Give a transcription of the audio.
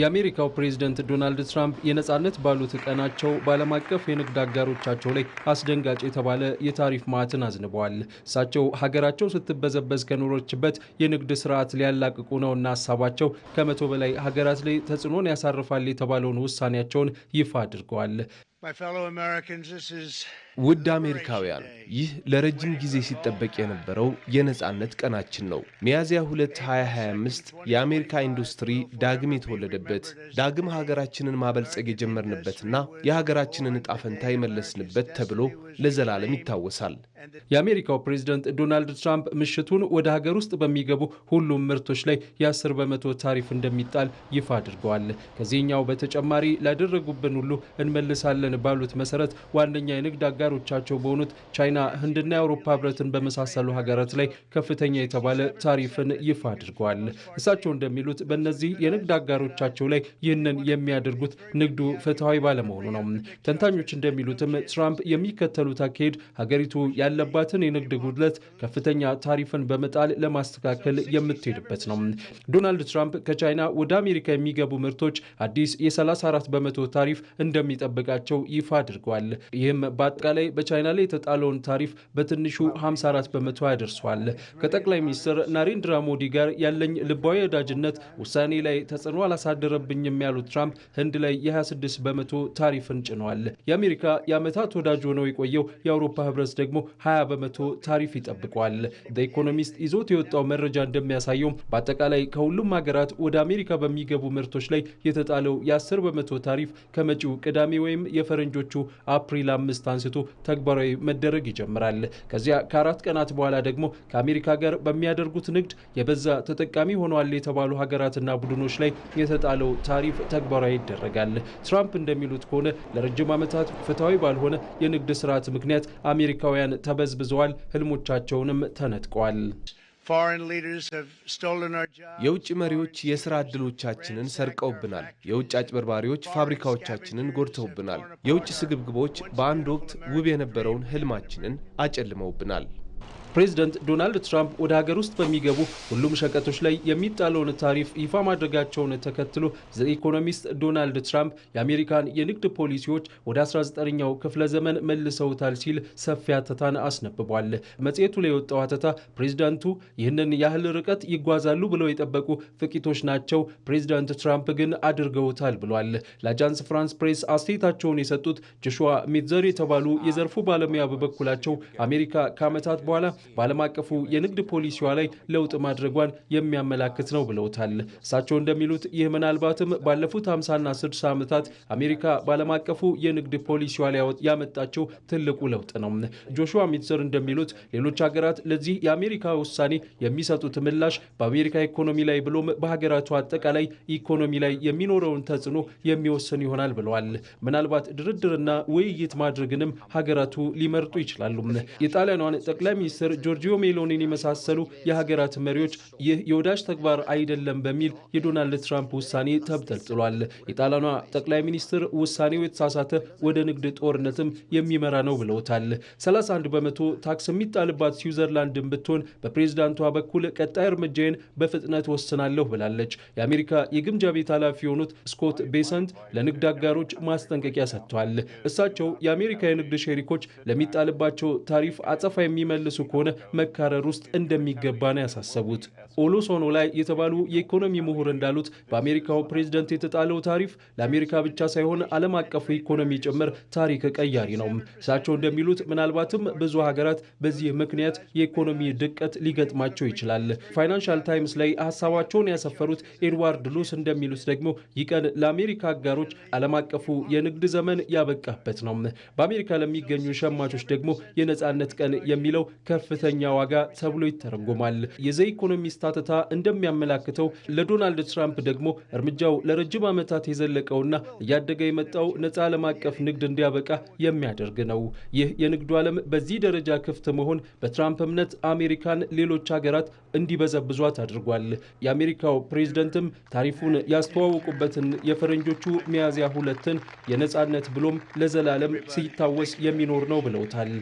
የአሜሪካው ፕሬዝደንት ዶናልድ ትራምፕ የነጻነት ባሉት ቀናቸው በዓለም አቀፍ የንግድ አጋሮቻቸው ላይ አስደንጋጭ የተባለ የታሪፍ ማዕትን አዝንበዋል። እሳቸው ሀገራቸው ስትበዘበዝ ከኖረችበት የንግድ ስርዓት ሊያላቅቁ ነውና ሀሳባቸው ከመቶ በላይ ሀገራት ላይ ተጽዕኖን ያሳርፋል የተባለውን ውሳኔያቸውን ይፋ አድርገዋል። ውድ አሜሪካውያን ይህ ለረጅም ጊዜ ሲጠበቅ የነበረው የነፃነት ቀናችን ነው። ሚያዝያ 2 2025 የአሜሪካ ኢንዱስትሪ ዳግም የተወለደበት ዳግም ሀገራችንን ማበልጸግ የጀመርንበትና የሀገራችንን ዕጣ ፈንታ የመለስንበት ተብሎ ለዘላለም ይታወሳል። የአሜሪካው ፕሬዚደንት ዶናልድ ትራምፕ ምሽቱን ወደ ሀገር ውስጥ በሚገቡ ሁሉም ምርቶች ላይ የ የ10 በመቶ ታሪፍ እንደሚጣል ይፋ አድርገዋል። ከዚህኛው በተጨማሪ ላደረጉብን ሁሉ እንመልሳለን ባሉት መሰረት ዋነኛ የንግድ አጋሮቻቸው በሆኑት ቻይና፣ ህንድና የአውሮፓ ህብረትን በመሳሰሉ ሀገራት ላይ ከፍተኛ የተባለ ታሪፍን ይፋ አድርገዋል። እሳቸው እንደሚሉት በእነዚህ የንግድ አጋሮቻቸው ላይ ይህንን የሚያደርጉት ንግዱ ፍትሐዊ ባለመሆኑ ነው። ተንታኞች እንደሚሉትም ትራምፕ የሚከተሉት አካሄድ ሀገሪቱ ያለ ያለባትን የንግድ ጉድለት ከፍተኛ ታሪፍን በመጣል ለማስተካከል የምትሄድበት ነው። ዶናልድ ትራምፕ ከቻይና ወደ አሜሪካ የሚገቡ ምርቶች አዲስ የ34 በመቶ ታሪፍ እንደሚጠብቃቸው ይፋ አድርጓል። ይህም በአጠቃላይ በቻይና ላይ የተጣለውን ታሪፍ በትንሹ 54 በመቶ ያደርሷል። ከጠቅላይ ሚኒስትር ናሬንድራ ሞዲ ጋር ያለኝ ልባዊ ወዳጅነት ውሳኔ ላይ ተጽዕኖ አላሳደረብኝም ያሉት ትራምፕ ህንድ ላይ የ26 በመቶ ታሪፍን ጭኗል። የአሜሪካ የዓመታት ወዳጅ ሆነው የቆየው የአውሮፓ ህብረት ደግሞ 20 በመቶ ታሪፍ ይጠብቋል። ዘ ኢኮኖሚስት ይዞት የወጣው መረጃ እንደሚያሳየውም በአጠቃላይ ከሁሉም ሀገራት ወደ አሜሪካ በሚገቡ ምርቶች ላይ የተጣለው የ10 በመቶ ታሪፍ ከመጪው ቅዳሜ ወይም የፈረንጆቹ አፕሪል አምስት አንስቶ ተግባራዊ መደረግ ይጀምራል። ከዚያ ከአራት ቀናት በኋላ ደግሞ ከአሜሪካ ጋር በሚያደርጉት ንግድ የበዛ ተጠቃሚ ሆነዋል የተባሉ ሀገራትና ቡድኖች ላይ የተጣለው ታሪፍ ተግባራዊ ይደረጋል። ትራምፕ እንደሚሉት ከሆነ ለረጅም ዓመታት ፍትሐዊ ባልሆነ የንግድ ስርዓት ምክንያት አሜሪካውያን ተበዝብዘዋል፣ ህልሞቻቸውንም ተነጥቀዋል። የውጭ መሪዎች የሥራ ዕድሎቻችንን ሰርቀውብናል። የውጭ አጭበርባሪዎች ፋብሪካዎቻችንን ጎድተውብናል። የውጭ ስግብግቦች በአንድ ወቅት ውብ የነበረውን ህልማችንን አጨልመውብናል። ፕሬዚደንት ዶናልድ ትራምፕ ወደ ሀገር ውስጥ በሚገቡ ሁሉም ሸቀጦች ላይ የሚጣለውን ታሪፍ ይፋ ማድረጋቸውን ተከትሎ ዘ ኢኮኖሚስት ዶናልድ ትራምፕ የአሜሪካን የንግድ ፖሊሲዎች ወደ 19ኛው ክፍለ ዘመን መልሰውታል ሲል ሰፊ አተታን አስነብቧል። መጽሔቱ ላይ የወጣው አተታ ፕሬዚዳንቱ ይህንን ያህል ርቀት ይጓዛሉ ብለው የጠበቁ ጥቂቶች ናቸው፣ ፕሬዚዳንት ትራምፕ ግን አድርገውታል ብሏል። ለአጃንስ ፍራንስ ፕሬስ አስተያየታቸውን የሰጡት ጆሹዋ ሚትዘር የተባሉ የዘርፉ ባለሙያ በበኩላቸው አሜሪካ ከዓመታት በኋላ በዓለም አቀፉ የንግድ ፖሊሲዋ ላይ ለውጥ ማድረጓን የሚያመላክት ነው ብለውታል። እሳቸው እንደሚሉት ይህ ምናልባትም ባለፉት 50ና 60 ዓመታት አሜሪካ በዓለም አቀፉ የንግድ ፖሊሲዋ ላይ ያመጣቸው ትልቁ ለውጥ ነው። ጆሹዋ ሚትዘር እንደሚሉት ሌሎች ሀገራት ለዚህ የአሜሪካ ውሳኔ የሚሰጡት ምላሽ በአሜሪካ ኢኮኖሚ ላይ ብሎም በሀገራቱ አጠቃላይ ኢኮኖሚ ላይ የሚኖረውን ተጽዕኖ የሚወስን ይሆናል ብለዋል። ምናልባት ድርድርና ውይይት ማድረግንም ሀገራቱ ሊመርጡ ይችላሉ። የጣሊያኗን ጠቅላይ ሚኒስትር ጆርጂዮ ሜሎኒን የመሳሰሉ የሀገራት መሪዎች ይህ የወዳጅ ተግባር አይደለም በሚል የዶናልድ ትራምፕ ውሳኔ ተብጠልጥሏል። የጣሊያኗ ጠቅላይ ሚኒስትር ውሳኔው የተሳሳተ ወደ ንግድ ጦርነትም የሚመራ ነው ብለውታል። 31 በመቶ ታክስ የሚጣልባት ስዊዘርላንድን ብትሆን በፕሬዝዳንቷ በኩል ቀጣይ እርምጃዬን በፍጥነት ወስናለሁ ብላለች። የአሜሪካ የግምጃ ቤት ኃላፊ የሆኑት ስኮት ቤሰንት ለንግድ አጋሮች ማስጠንቀቂያ ሰጥተዋል። እሳቸው የአሜሪካ የንግድ ሸሪኮች ለሚጣልባቸው ታሪፍ አጸፋ የሚመልሱ ከሆነ ቢሆን መካረር ውስጥ እንደሚገባ ነው ያሳሰቡት። ኦሎሶኖ ላይ የተባሉ የኢኮኖሚ ምሁር እንዳሉት በአሜሪካው ፕሬዝደንት የተጣለው ታሪፍ ለአሜሪካ ብቻ ሳይሆን ዓለም አቀፉ ኢኮኖሚ ጭምር ታሪክ ቀያሪ ነው። እሳቸው እንደሚሉት ምናልባትም ብዙ ሀገራት በዚህ ምክንያት የኢኮኖሚ ድቀት ሊገጥማቸው ይችላል። ፋይናንሻል ታይምስ ላይ ሀሳባቸውን ያሰፈሩት ኤድዋርድ ሉስ እንደሚሉት ደግሞ ይህ ቀን ለአሜሪካ አጋሮች ዓለም አቀፉ የንግድ ዘመን ያበቃበት ነው። በአሜሪካ ለሚገኙ ሸማቾች ደግሞ የነፃነት ቀን የሚለው ከፍ ከፍተኛ ዋጋ ተብሎ ይተረጎማል። የዘ ኢኮኖሚስት አተታ እንደሚያመላክተው ለዶናልድ ትራምፕ ደግሞ እርምጃው ለረጅም ዓመታት የዘለቀውና እያደገ የመጣው ነፃ ዓለም አቀፍ ንግድ እንዲያበቃ የሚያደርግ ነው። ይህ የንግዱ ዓለም በዚህ ደረጃ ክፍት መሆን በትራምፕ እምነት አሜሪካን ሌሎች ሀገራት እንዲበዘብዟት አድርጓል። የአሜሪካው ፕሬዝደንትም ታሪፉን ያስተዋወቁበትን የፈረንጆቹ ሚያዝያ ሁለትን የነፃነት ብሎም ለዘላለም ሲታወስ የሚኖር ነው ብለውታል።